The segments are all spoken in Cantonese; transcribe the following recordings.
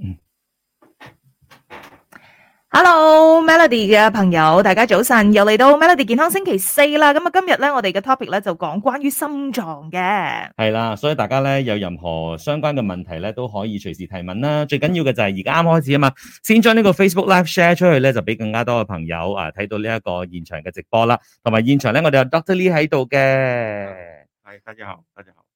嗯，Hello Melody 嘅朋友，大家早晨，又嚟到 Melody 健康星期四啦。咁啊，今日咧，我哋嘅 topic 咧就講關於心臟嘅。係啦，所以大家咧有任何相關嘅問題咧，都可以隨時提問啦。最緊要嘅就係而家啱開始啊嘛，先將呢個 Facebook Live share 出去咧，就俾更加多嘅朋友啊睇到呢一個現場嘅直播啦。同埋現場咧，我哋有 Dr. Lee 喺度嘅。誒，大家好，大家好。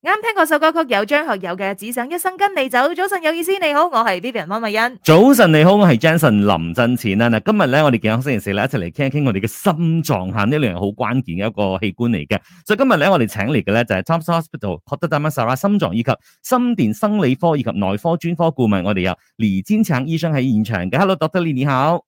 啱聽嗰首歌曲有張學友嘅只想一生跟你走。早晨有意思，你好，我係 Vivian 温麗欣。早晨你好，我係 Jensen 林振錢啦。嗱，今日咧我哋健康星期四咧，一齊嚟傾一傾我哋嘅心臟吓呢樣係好關鍵嘅一個器官嚟嘅。所以今日咧我哋請嚟嘅咧就係 Toms Hospital Dr. Dama Sarah 心臟以及心電生理科以及內科專科顧問，我哋有黎堅強醫生喺現場嘅。Hello，Dr. Lee 你好。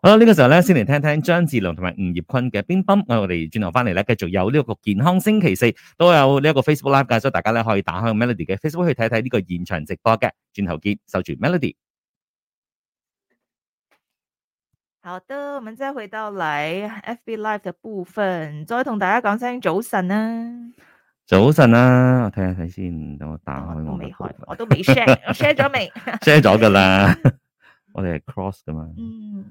好啦，呢個時候咧，先嚟聽聽張智霖同埋吳業坤嘅《乒乓》，我哋轉頭翻嚟咧，繼續有呢一個健康星期四，都有呢一個 Facebook Live 嘅，所以大家咧可以打開 Melody 嘅 Facebook 去睇睇呢個現場直播嘅。轉頭見，守住 Melody。好的，我們再回到嚟 FB Live 嘅部分，再同大家講聲早晨啦。早晨啦，我睇下睇先，等我打開。我未開，我都未 share，我 share 咗未？share 咗噶啦，我哋係 cross 噶嘛。嗯。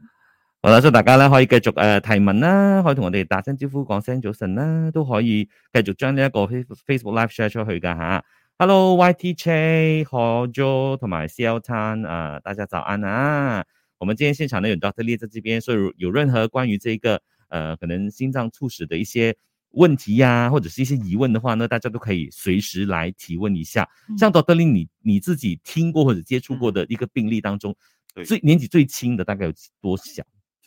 好啦，所以大家呢可以繼續誒提問啦，可、呃、以、啊、同我哋打聲招呼，講聲早晨啦，都可以繼續將呢一個 Facebook Facebook Live share 出去噶吓。Hello Y T J 何 jo 同埋 C L Tan，啊大家早安啊、嗯！我們今天現場呢有 Doctor Lee 喺呢邊，所以有任何關於這個呃可能心臟猝死的一些問題呀、啊，或者是一些疑問的話呢，大家都可以隨時來提問一下。嗯、像 Doctor Lee，你你自己聽過或者接觸過的一個病例當中，嗯、最年紀最輕的大概有多少？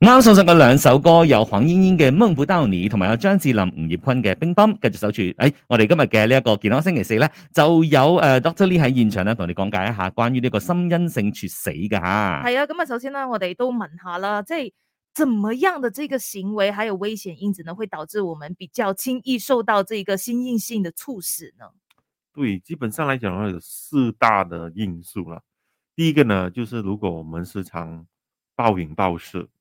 啱送上嘅兩首歌，有黃鶯鶯嘅《夢不到你》，同埋有張智霖、吳業坤嘅《乒乓》，繼續守住，誒、哎，我哋今日嘅呢一個健康星期四咧，就有誒 Dr. Lee 喺現場啦，同你講解一下關於呢個心因性猝死嘅吓。係啊，咁啊，首先呢，我哋都問下啦，即係怎麼樣的這個行為，還有危險因子呢，會導致我們比較輕易受到這個心因性的猝死呢？對，基本上嚟講，有四大的因素啦。第一個呢，就是如果我們時常暴飲暴食。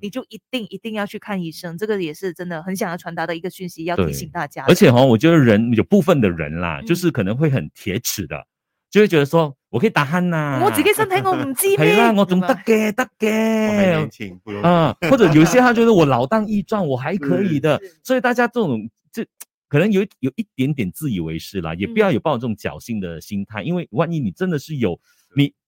你就一定一定要去看醫生，這個也是真的很想要傳達的一個訊息，要提醒大家。而且哈，我覺得人有部分的人啦，嗯、就是可能會很鐵齒的，就會覺得說、嗯、我可以打鼾吶、嗯，我自己身體 啦我唔知啦我仲得嘅，得嘅。不用理，啊，或者有些他覺得我老當益壯， 我還可以的。所以大家這種就可能有有一點點自以為是啦，也不要有抱這種僥倖的心態、嗯，因為萬一你真的是有。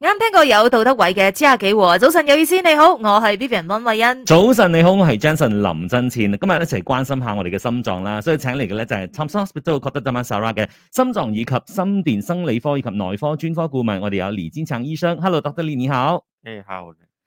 啱聽過有杜德偉嘅《七廿幾》。早晨有意思，你好，我係 Vivian 溫慧欣。早晨你好，我係 Jenson 林振倩。今日一齊關心下我哋嘅心臟啦，所以請嚟嘅咧就係 Temps Hospital 得得德曼 Sarah 嘅心臟以及心電生理科以及內科專科顧問，我哋有黎堅橙醫生。Hello，Dr. Lee，你好。誒，好。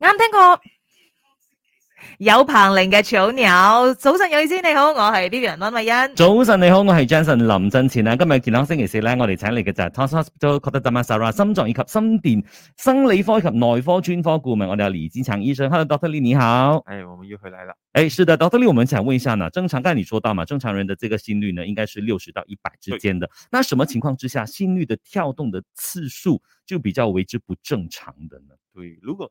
啱、嗯、聽過有彭羚嘅《小鳥》，早晨，有意思。你好，我係 Vivian 溫慧欣。早晨你好，我係 Jason 林真前啊。今日健康星期四咧，我哋請嚟嘅就係 Tons Hospital Kota Damansara 心臟以及心電生理科以及內科專科顧問，我哋有李金強醫生，Hello Doctor Lee 你好。哎，我們又回來了。哎，是的，Doctor Lee，我們想問一下呢，正常，剛才你說到嘛，正常人的這個心率呢，應該是六十到一百之間的。那什麼情況之下，心率的跳動的次數就比較為之不正常的呢？對，如果。